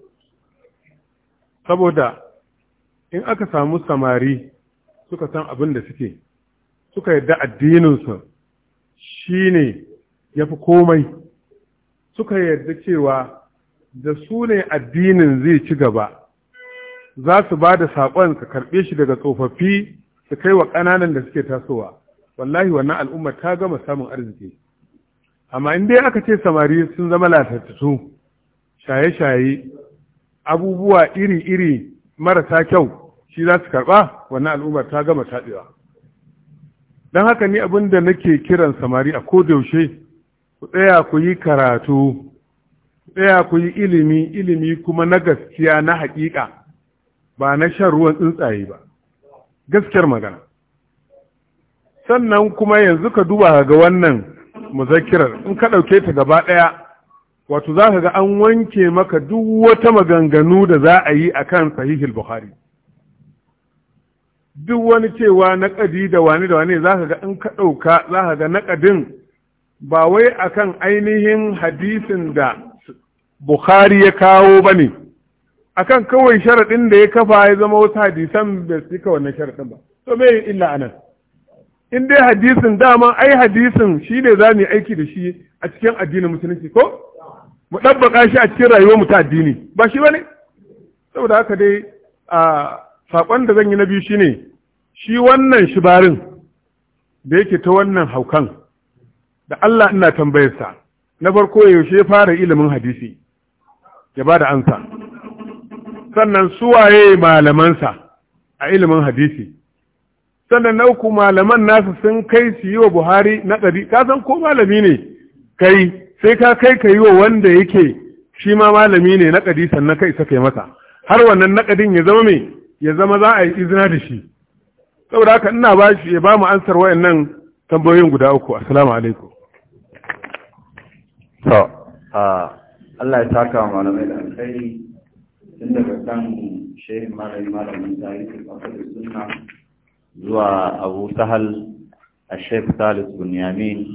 saboda in aka samu samari suka san abin da suke suka yadda addininsu shi ne ya fi komai suka yarda cewa da su ne addinin zai ci gaba za su ba da saƙon ka karɓe shi daga tsofaffi su kai wa ƙananan da suke tasowa wallahi wannan al'umma ta gama samun arziki amma in dai aka ce samari sun zama latattatu shaye-shaye abubuwa iri-iri marasa kyau shi za su karɓa wannan al'ummar ta gama taɓewa. don haka ni abin da nake kiran samari a kodayaushe ku tsaya ku yi karatu tsaya ku yi ilimi ilimi kuma na gaskiya na haƙiƙa ba na shan ruwan tsuntsaye ba gaskiyar magana sannan kuma yanzu ka duba ga wannan muzakirar in ka ɗauke ta gaba ɗaya wato za ka ga an wanke maka duk wata maganganu da za a yi a kan sahihul bukhari duk wani cewa naƙadi da wani da wani za ka ga in ka ɗauka za ka ga naƙadin ba wai akan ainihin hadisin da bukhari ya kawo ba ne akan kawai sharaɗin da ya kafa ya zama wasu hadisan da su ka wannan sharaɗin ba to me illa anan in dai hadisin dama ai hadisin shi ne za mu yi aiki da shi a cikin addinin musulunci ko mu ɗabbaka shi a cikin rayuwar mu ta addini ba shi bane saboda haka dai a sakon da zan yi na biyu shine shi wannan shibarin da yake ta wannan haukan da Allah ina tambayarsa na farko yaushe ya fara ilimin hadisi ya ba da ansa sannan suwaye malamansa a ilimin hadisi sannan na uku malaman nasu sun kai su yi wa buhari na ɗari ka san ko malami ne kai sai ka kai ka yi wa wanda yake shi ma malami ne na ɗari sannan kai sa kai masa har wannan ɗarin ya zama me ya zama za a yi izina da shi saboda haka ina ba shi ya ba mu ansar wayannan tambayoyin guda uku assalamu alaikum to Allah ya saka malamai da alkhairi tun daga kan shehin malami malamin tarihi a kasar suna zuwa abu sahal a shef talis bunyamin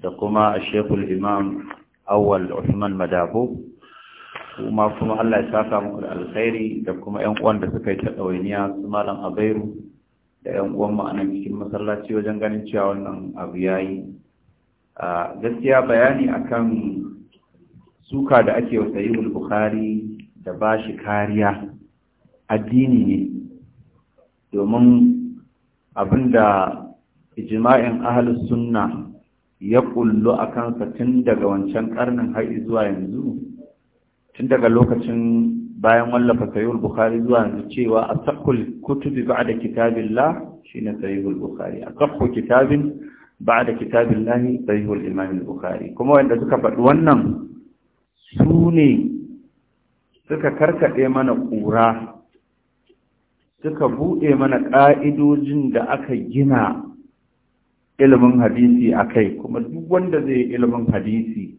da kuma a shekul imam awal usman Madabu. kuma kuma allah ya saka muku da alkhairi da kuma yan uwan da suka yi ta ɗawainiya su malam abairu da yan uwan cikin masallaci wajen ganin cewa wannan abu yayi gaskiya bayani akan suka da ake wasayi bukhari da ba shi kariya addini ne domin abin da ijma'in ahlus sunna ya kullu a kansa tun daga wancan karnin har zuwa yanzu tun daga lokacin bayan wallafa sayyul bukhari zuwa yanzu cewa asaqul kutubi ba'da kitabillah shine sayyul bukhari asaqu kitabin ba'da kitabillah sayyul imam bukhari kuma wanda suka faɗi wannan su ne suka karkaɗe mana ƙura suka buɗe mana ƙa'idojin da aka gina ilimin hadisi a kai kuma duk wanda zai ilimin hadisi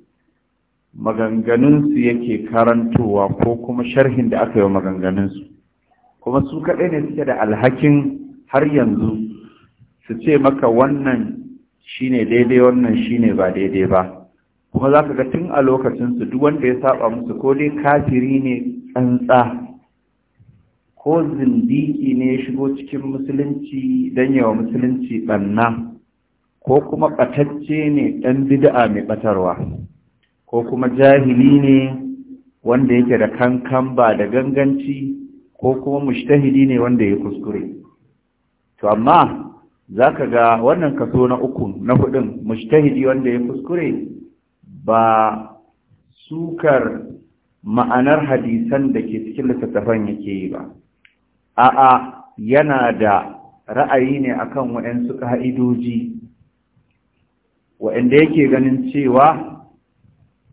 maganganunsu yake karantowa ko kuma sharhin da aka yi wa maganganunsu kuma su kaɗai ne suke da alhakin har yanzu su ce maka wannan shine daidai wannan shine ba daidai ba kuma za ka ga tun a lokacinsu duk wanda ya saba musu ko dai kafiri ne tsantsa ko zindiki ne ya shigo cikin musulunci don yawa musulunci ɓanna ko kuma ɓatacce ne ɗan bid'a mai ɓatarwa ko kuma jahili ne wanda yake da kankan ba da ganganci ko kuma mushtahidi ne wanda ya kuskure to amma za ka ga wannan kaso na uku na hudun mushtahidi wanda ya kuskure ba sukar ma'anar hadisan da ke cikin littattafan yake yi ba a'a yana da ra'ayi ne akan waɗansu ƙa'idoji waɗanda yake ganin cewa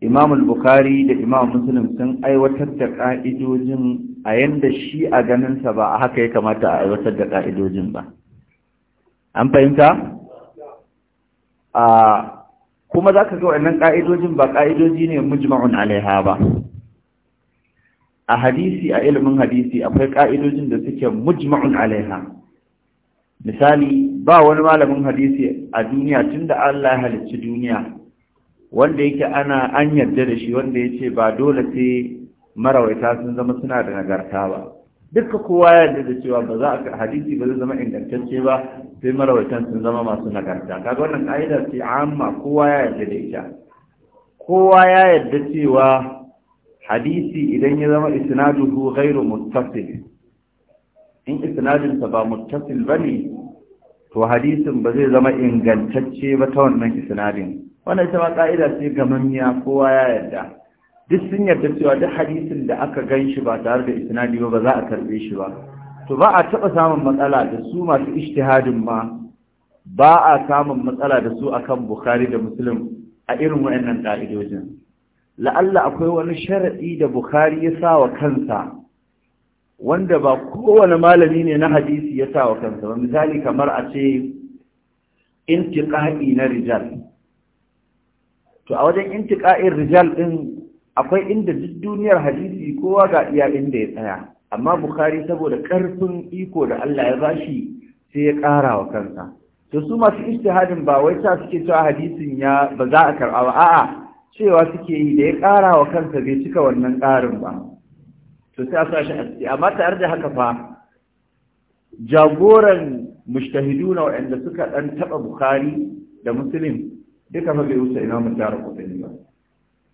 imam bukhari da imam muslim sun aiwatar da ƙa'idojin a yanda shi a ganinsa ba a haka ya kamata a aiwatar da ƙa'idojin ba an fahimta? a kuma za ka ga wannan ƙa'idojin ba ƙa'idoji ne mujma'un alaiha ba a hadisi a ilimin hadisi akwai ƙa'idojin da suke mujma'un alaiha misali ba wani malamin hadisi a duniya tun da Allah ya halicci duniya wanda yake ana an yarda da shi wanda ya ce ba dole sai marawaita sun zama suna da nagarta ba duka kowa ya da cewa ba za a hadisi ba zai zama ingantacce ba sai marawaitan sun zama masu nagarta kaga wannan ka'ida ce amma kowa ya yarda da ita kowa ya yarda cewa hadisi idan ya zama isnaduhu ghairu muttasil in isnadin sa ba muttasil bane to hadisin ba zai zama ingantacce ba ta wannan isnadin wannan ita ma ka'ida ce gamammiya kowa ya yarda duk sun yarda cewa duk hadisin da aka gan shi ba tare da isnadi ba ba za a karbe shi ba to ba a taɓa samun matsala da su masu ijtihadin ma ba a samun matsala da su akan bukhari da muslim a irin wayannan ka'idojin la'alla akwai wani sharadi da bukhari ya sa wa kansa wanda ba kowane malami ne na hadisi ya sa wa kansa ba misali kamar a ce intiqa'i na rijal to a wajen intiqai rijal din akwai inda duk duniyar hadisi kowa ga iya inda ya tsaya amma Bukhari saboda ƙarfin iko da Allah ya bashi sai ya ƙara wa kansa to su masu ijtihadin ba wai ta suke cewa hadisin ya ba za a karɓa ba a'a cewa suke yi da ya ƙara wa kansa bai cika wannan ƙarin ba to sai a sa shi a ciki amma tare da haka fa jagoran mujtahiduna waɗanda suka ɗan taɓa Bukhari da Muslim duka fa bai wuce Imam Tariq ba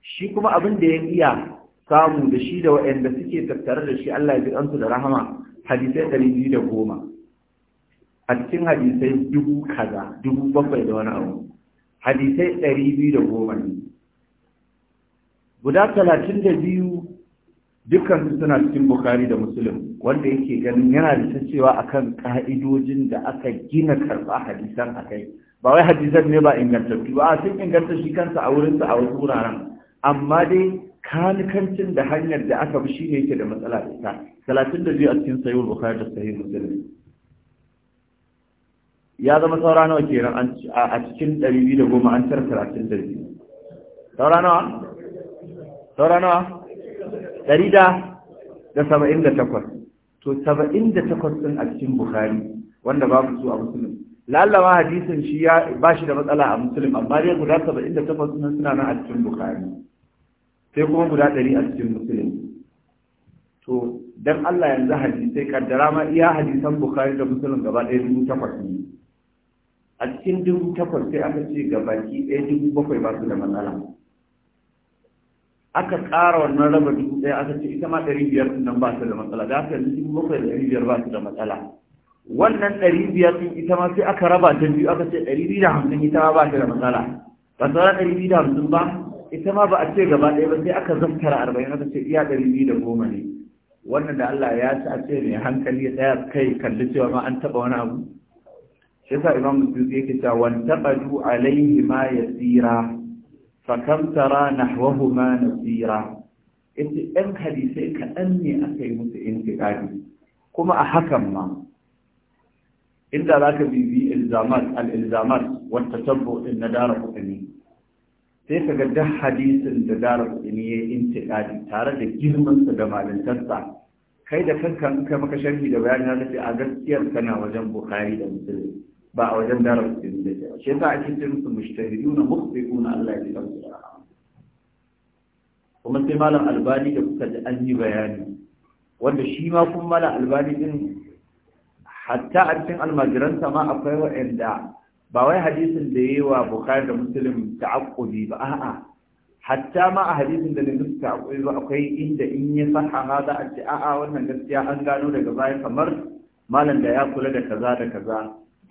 shi kuma abin da ya iya samu da shi da waɗanda suke tattare da shi Allah ya ji ɗansu da rahama hadisai ɗari biyu da goma a cikin hadisai dubu kaza dubu bakwai da wani abu hadisai ɗari biyu da goma ne guda talatin da biyu dukkan su suna cikin bukari da musulun wanda yake ganin yana da ta cewa akan ka'idojin da aka gina karɓa hadisan a kai ba wai hadisan ne ba ingantattu ba a sun inganta shi kansa a wurinsa a wasu wuraren amma dai kanikancin da hanyar da aka bi shine yake da matsala da ita talatin da biyu a cikin sayo bukhari da sahih muslim ya zama saura nawa kenan a cikin ɗari biyu da goma an tar talatin da biyu saura nawa saura nawa ɗari da da saba'in da takwas to saba'in da takwas ɗin a cikin bukhari wanda babu su a musulmi lallama hadisin shi ya ba shi da matsala a musulmi amma dai guda saba'in da takwas ɗin suna nan a cikin bukhari sai kuma guda ɗari a cikin musulun. to dan Allah yanzu hadisai kaddara ma iya hadisan bukari da musulun gaba ɗaya dubu takwas ne a cikin dubu takwas sai aka ce ga baki ɗaya dubu bakwai ba su da matsala aka ƙara wannan raba dubu ɗaya aka ce ita ma ɗari biyar nan ba su da matsala da aka dubu bakwai da ɗari biyar ba su da matsala wannan ɗari biyar ɗin ita ma sai aka raba ta biyu aka ce ɗari biyu da hamsin ita ma ba su da matsala ba da ɗari biyu da hamsin ba ita ma ba a ce gaba ɗaya ba sai aka zartara arba'in aka ce iya ɗari biyu da goma ne wannan da Allah ya ci a ce mai hankali ya kai kalli cewa ma an taɓa wani abu shi yasa imam musulmi yake cewa wan taqadu alaihi ma yasira fa kam tara na tsira. ita ɗan hadisai kaɗan ne aka yi musu intiƙadi kuma a hakan ma inda za ka bibi al-ilzamat wata tabbo ɗin na dara kuɗi sai ka ga duk hadisin da darar kudini ya intiƙadi tare da girmansa da malintarsa kai da kanka in ka maka sharhi da bayani na tafi a gaskiyar kana wajen bukari da musulmi ba a wajen dara kudini da jawa shi yasa ake ce musu mushtahiduna mukhbiquna Allah ya ji kuma sai malam albani da kuka ji an yi bayani wanda shi ma kuma malam albani din hatta a cikin almajiransa ma akwai waɗanda ba wai hadisin da yayi wa bukari da muslim ta'aqqudi ba a'a hatta ma a hadisin da ne duk ta'aqqudi ba akwai inda in ya saha za a ce a'a wannan gaskiya an gano daga baya kamar malam da ya kula da kaza da kaza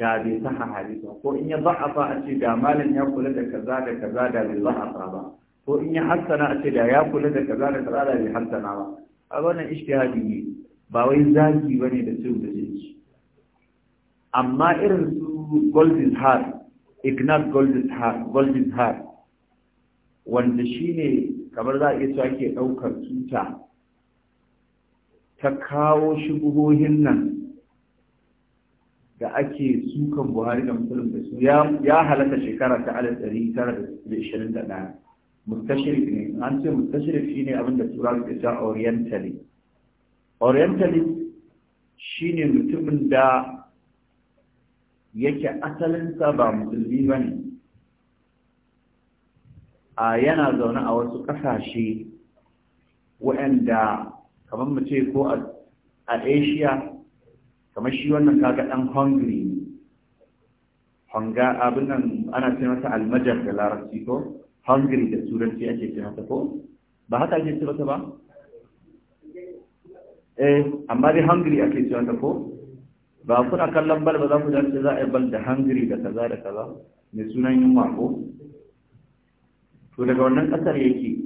da bai saha hadisi ko in ya za'afa a ce da malam ya kula da kaza da kaza da bai za'afa ba ko in ya hassana a ce da ya kula da kaza da kaza da bai hassana ba a wannan ishtihadi ne ba wai zaki bane da da zuciya amma irin golden heart ignat golden heart golden heart wanda shine kamar za a iya cewa ke ɗaukar tuta ta kawo shubuhohin nan da ake sukan buhari da musulun da su ya halatta shekara ta alif ɗari tara da ishirin da ɗaya mustashirif ne an ce mustashirif shi ne abinda tura ke sa orientalist orientali shi ne mutumin da yake asalinsa ba musulmi ba ne a yana zaune a wasu ƙasashe waɗanda kamar mu ce ko a asia kamar shi wannan kaga ɗan hungary ne abin nan ana ce masa almajar da larabci ko hungary da turanci ake ce masa ko ba haka ake ce masa ba eh amma dai hungary ake ce masa ko ba kuna kallon bal ba za ku dace za a yi bal da hangiri da kaza da kaza mai sunan yin mako to daga wannan ƙasar yake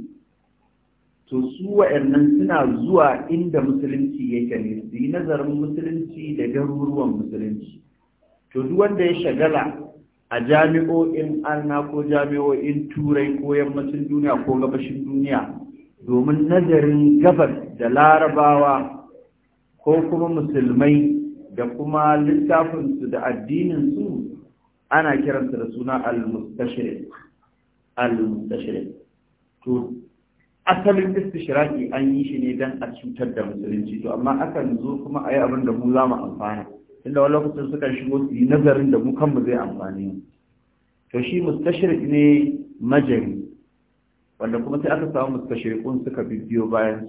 to su wa'annan suna zuwa inda musulunci yake ne su yi nazarin musulunci da garuruwan musulunci to duk wanda ya shagala a jami'o'in arna ko jami'o'in turai ko yammacin duniya ko gabashin duniya domin nazarin gabas da larabawa ko kuma musulmai da kuma littafinsu da addininsu ana kiransa da suna al-mustashirik al to asalin istishraki an yi shi ne dan a cutar da musulunci to amma akan zo kuma a yi abin da mu za mu amfana inda wani lokacin sukan shigo su yi nazarin da mu kanmu zai amfani to shi mustashirik ne majari wanda kuma sai aka samu mustashirikun suka bibiyo bayan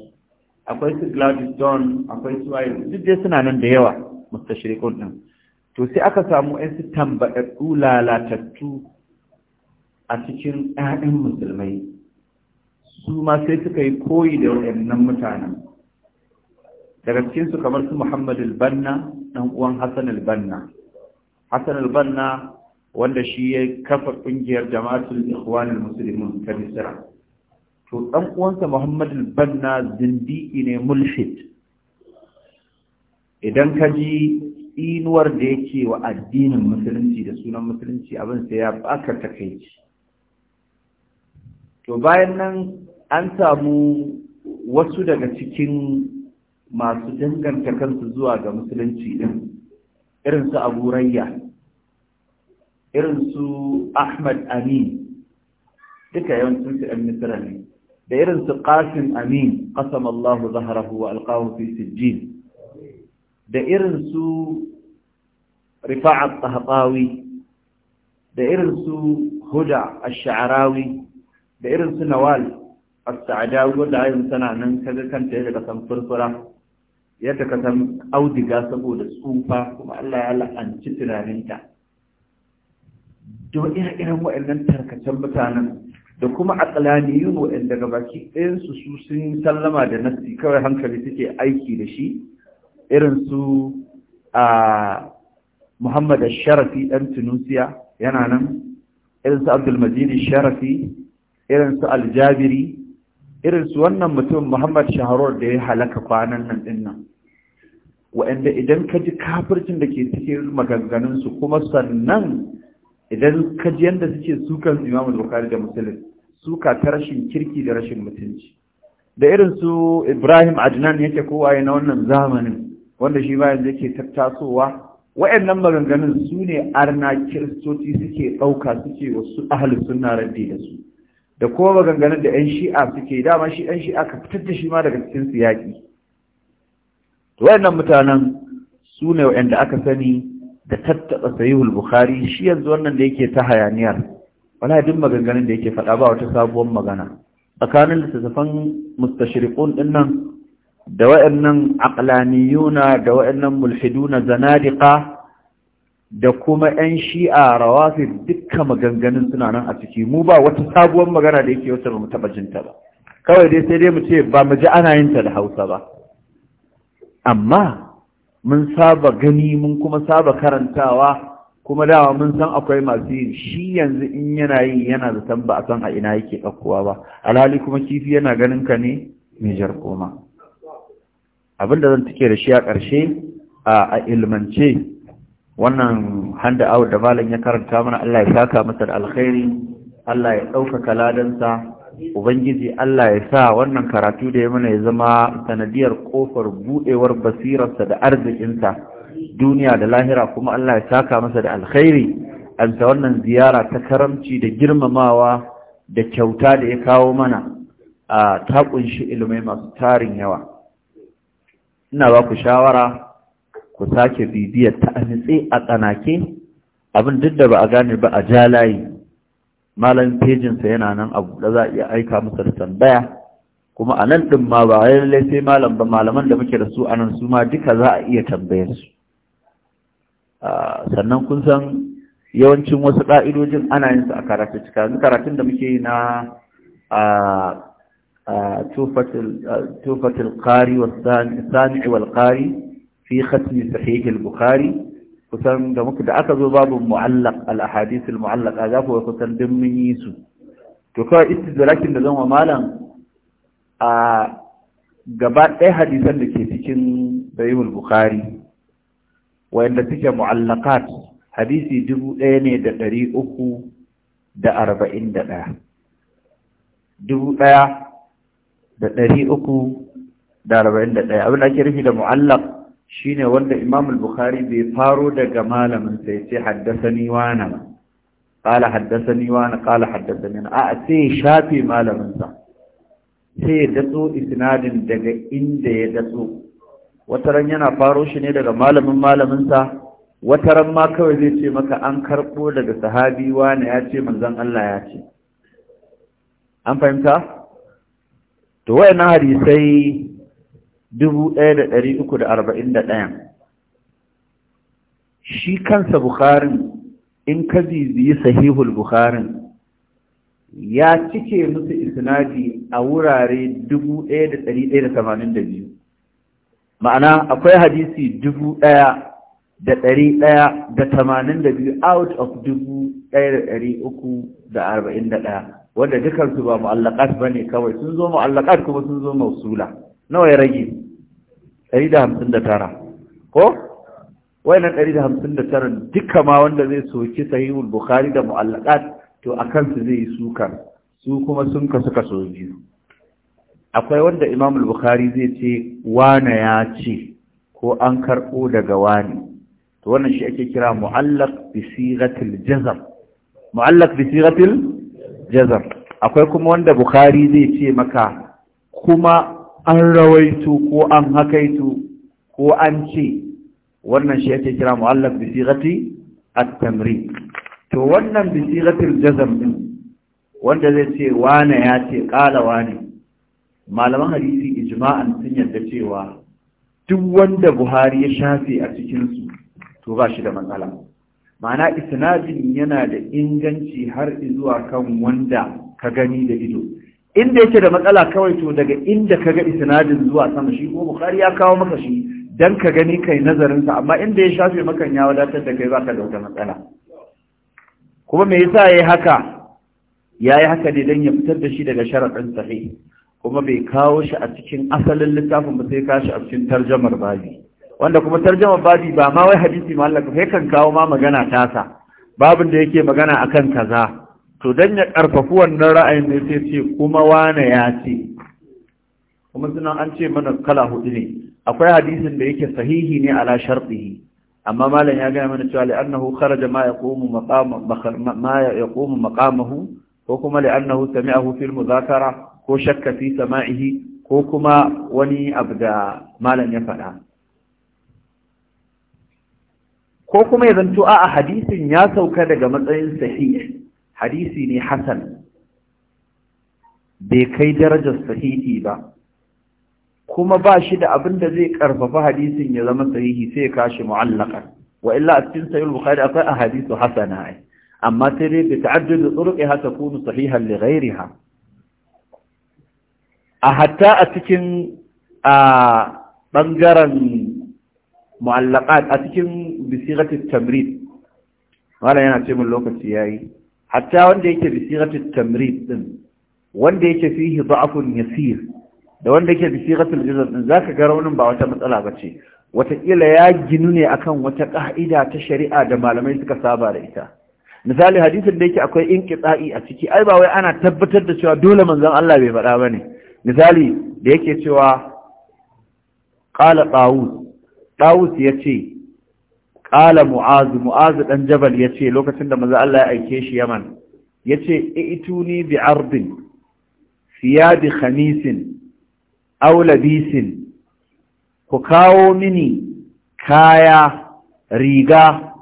akwai su gladys don akwai su duk dai suna nan da yawa mustashriqun ɗin. to sai aka samu yansu su tambaɗaɗɗu lalatattu a cikin 'ya'yan musulmai su ma sai suka yi koyi da waɗannan mutanen daga cikinsu kamar su Muhammad al-Banna ɗan uwan Hassan al-Banna Hassan al-Banna wanda shi ya kafa ƙungiyar jama'atul ikhwan al-muslimin ta Misra to ɗan uwansa Muhammad al-Banna zindiki ne mulhid idan ka ji inuwar da yake wa addinin musulunci da sunan musulunci abin sai ya baka takaici to bayan nan an samu wasu daga cikin masu danganta kansu zuwa ga musulunci din irin su abu rayya irin su ahmad amin duka yawancin su ɗan misira ne da irin su qasim amin qasama allahu zaharahu wa alqahu fi sijjin da irin su rifa'a tsahatawi da irin su huda ash-sha'rawi da irin su nawal as-sa'dawi wanda ayin tana nan kaga kanta daga san furfura yadda ka san audiga saboda tsufa kuma Allah ya la'anci tunaninta don ire-iren waɗannan tarkacen mutanen da kuma atsalaniyun waɗanda gabaki baki ɗayansu su sun sallama da nasi kawai hankali suke aiki da shi irin su a Muhammad Sharafi ɗan Tunusiya yana nan irin su Abdulmajid Sharafi irin su Aljabiri irin su wannan mutum Muhammad Shaharor da ya halaka kwanan nan ɗin nan wa'anda idan ka ji kafircin da ke cikin maganganunsu kuma sannan idan ka ji yanda suke sukan Imam bukari da Musulun, suka ta rashin kirki da rashin mutunci da irin su Ibrahim Adnan yake kowa na wannan zamanin wanda shi ma yanzu yake tattasowa wa'annan maganganun su ne arna kiristoci suke ɗauka suke wasu ahalin suna raddi da su da kuma maganganun da 'yan shi'a suke dama shi 'yan shi'a ka fitar da shi ma daga cikin yaƙi. to wa'annan mutanen su ne wa'anda aka sani da tattaɓa sayihul bukhari shi yanzu wannan da yake ta hayaniyar wala duk maganganun da yake faɗa ba wata sabuwar magana tsakanin littattafan mustashriqun din nan da wa'annan aqlaniyuna da wa'annan mulhiduna zanadiqa da kuma 'yan shi'a rawafi dukkan maganganun suna nan a ciki mu ba wata sabuwar magana da yake wata mu taba jinta ba kawai dai sai dai mu ce ba mu ji ana yin ta da Hausa ba amma mun saba gani mun kuma saba karantawa kuma dawa mun san akwai masu yin shi yanzu in yana yi yana zaton ba a san a ina yake ɗaukowa ba alhali kuma kifi yana ganin ka ne mai kuma. Abin da zan take da shi a ƙarshe a ilmance wannan handa awu da malam ya karanta mana Allah ya saka masa da alkhairi Allah ya ɗaukaka ladansa ubangiji Allah ya sa wannan karatu da ya mana ya zama sanadiyar kofar buɗewar basirarsa da arzikinsa duniya da lahira kuma Allah ya saka masa da alkhairi an wannan ziyara ta karamci da girmamawa da kyauta da ya kawo mana a ta kunshi ilmai masu tarin yawa ina ba ku shawara ku sake bibiyar ta a nitse a tsanake abin duk da ba a gane ba a jalayi malam fejinsa yana nan abu da za a iya aika masa da tambaya kuma a nan ɗin ma ba lallai sai malam ba malaman da muke da su a nan su ma duka za a iya tambayar su ah, sannan kun san yawancin wasu ƙa'idojin ana yin su a karatun karatun da muke yi na ah, توفة القاري والسامع والقاري في ختم صحيح البخاري kusan da muka da aka zo babu mu'allaq al-ahadith al za ku kusan din mun yi su to kawai istidrakin da zan wa malam a gaba ɗaya hadisan da ke cikin sahih al-bukhari wanda suke muallaka hadisi dubu ɗaya ne da ɗari uku da arba'in da ɗaya dubu ɗaya da ɗari uku da arba'in da ɗaya abin da ake rufi da mu'allaf shine wanda imam al-bukhari bai faro daga malamin sai ce ni wana haddasa ni wana haddasa ni a sai shafi malamin sa sai ya datso isnadin daga inda ya datso wataran yana faro shi ne daga malamin malaminsa wataran ma kawai zai ce maka an karɓo daga sahabi wani ya ce manzon Allah ya ce an fahimta to wai na hadisai 1341 shi kansa bukharin in ka zizi sahihul bukharin ya cike musu isnadi a wurare 1182 ma'ana akwai hadisi ɗaya da da da ɗari tamanin biyu out of dubu ɗaya da da da ɗari uku arba'in ɗaya. wanda dukansu ba mu'allaqat bane kawai sun zo mu'allaqat kuma sun zo mausula nawa ya rage 159 ko wayannan 159 duka ma wanda zai soki sahihul bukhari da mu'allaqat to akan su zai suka su kuma sun kasu kaso biyu akwai wanda imam al-bukhari zai ce wana ya ce ko an karɓo daga wani to wannan shi ake kira mu'allaq bi sigatil jazm mu'allaq bi sigatil jazar akwai kuma wanda bukhari zai ce maka kuma an rawaito ko an hakaito ko an ce wannan shi yake kira mu'allaf bi sighati at tamri to wannan bi al jazm din wanda zai ce wane ya ce qala wane malaman hadisi ijma'an sun yarda cewa duk wanda buhari ya shafe a cikin su to ba shi da matsala ma'ana isnadin yana da inganci har zuwa kan wanda ka gani da ido inda yake da matsala kawai to daga inda ka ga isnadin zuwa sama shi ko bukhari ya kawo maka shi dan ka gani kai nazarin sa amma inda ya shafe maka ya wadatar da kai baka da wata matsala kuma me yasa yayi haka yayi haka ne dan ya fitar da shi daga sharadin sahih kuma bai kawo shi a cikin asalin littafin ba sai kashi a cikin tarjamar babi wanda kuma tarjama babi ba ma wai hadisi mallaka sai kan kawo ma magana tasa babin da yake magana akan kaza to dan ya karfafu wannan ra'ayin ne sai ce kuma wane ya ce kuma sunan an ce mana kala hudu ne akwai hadisin da yake sahihi ne ala shartihi amma malam ya gaya mana cewa li'annahu kharaja ma yaqumu maqama ma yaqumu maqamahu ko kuma li'annahu sami'ahu fil muzakara ko shakka fi sama'ihi ko kuma wani abu da malam ya faɗa ko kuma ya zanto a hadisin ya sauka daga matsayin sahih hadisi ne hasan bai kai darajar sahihi ba kuma ba shi da abin da zai karfafa hadisin ya zama sahihi sai ya kashi mu'allaka wa illa a cikin sahih bukhari akwai hadisu hasana ai amma sai dai bi ta'addud turuqiha takunu sahihan li ghayriha a hatta a cikin a bangaren mu'allaqat a cikin bisiratit tamrid wala yana ce min lokaci yayi hatta wanda yake bisiratit tamrid din wanda yake fihi da'fun yasir da wanda yake bisiratul jazm din zaka ga raunin ba wata matsala bace wataƙila ya ginu ne akan wata ƙa'ida ta shari'a da malamai suka saba da ita misali hadisin da yake akwai inqita'i a ciki ai ba wai ana tabbatar da cewa dole manzon Allah bai faɗa bane misali da yake cewa qala qawus ɗawus ya ce ƙala mu'azu mu'azu ɗan jabal ya ce lokacin da maza Allah ya aike shi yaman ya ce ni bi ardin siya bi khamisin aw labisin ku kawo mini kaya riga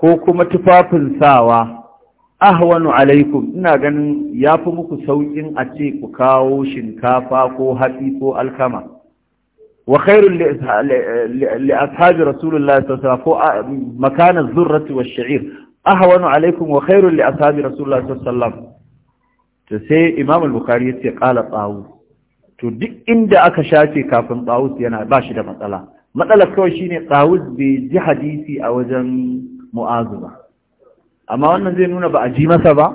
ko kuma tufafin sawa ahwanu alaikum ina ganin ya fi muku sauƙin a ce ku kawo shinkafa ko hatsi ko alkama wa khairun li ashabi sallallahu alaihi wasallam makana zurrati wa sha'ir ahwanu alaikum wa khairun li ashabi rasulullahi sallallahu sai Imamul al-bukhari yace qala tawus to duk inda aka shace kafin tawus yana ba shi da matsala matsalar kawai shine tawus bai ji hadisi a wajen mu'azu ba amma wannan zai nuna ba a ji masa ba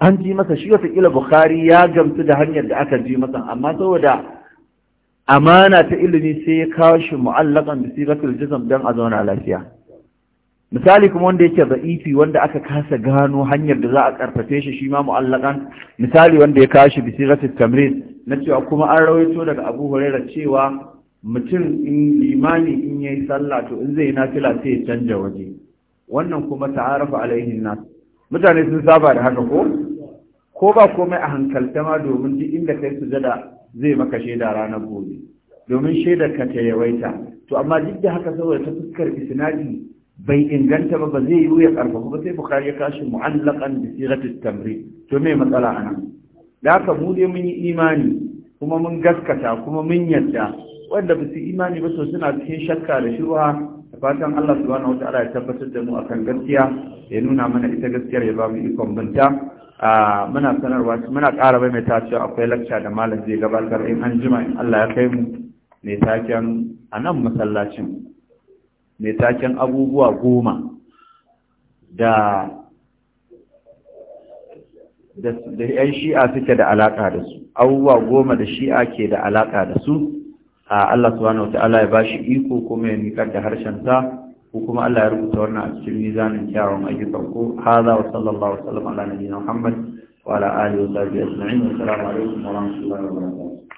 an ji masa shi wataƙila Bukhari ya gamsu da hanyar da aka ji masa amma saboda amana ta ilimi sai ya kawo shi mu'allakan da sigatul jizam dan a zauna lafiya misali kuma wanda yake za'ifi wanda aka kasa gano hanyar da za a karfafe shi shi ma mu'allakan misali wanda ya kawo shi bi sigatul na cewa kuma an rawaito daga Abu Hurairah cewa mutum in limani in yayi sallah to in zai na fila sai ya canja waje wannan kuma ta'arafa alaihi nas mutane sun saba da haka ko ko ba komai a hankalta ma domin duk inda kai sujada zai maka shaida ranar gobe domin shaidar ka ta yawaita to amma duk da haka saboda ta fuskar isnadi bai inganta ba ba zai yi ya karfafa ba sai bukari ya kashi mu'allaqan bi sirati tamri to me matsala anan da haka mu dai mun yi imani kuma mun gaskata kuma mun yarda wanda ba su imani ba to suna cikin shakka da shiruwa? fatan Allah subhanahu wata'ala ya tabbatar da mu akan gaskiya ya nuna mana ita gaskiyar ya ba mu ikon binta muna sanarwa muna ƙara bai mai cewa akwai lakca da malam zai gabatar in an jima in Allah ya kai mu mai taken a nan masallacin mai taken abubuwa goma da da 'yan shi'a suke da alaƙa da su abubuwa goma da shi'a ke da alaƙa da su a Allah subhanahu wata'ala ya bashi iko kuma ya nikar da harshen ta, ko kuma Allah ya rubuta wannan a cikin nizanin kyawun ayyukan ko hada wa sallallahu alaihi wa sallam ala nabiyina Muhammad wa ala alihi wa sahbihi ajma'in assalamu alaikum wa rahmatullahi wa barakatuh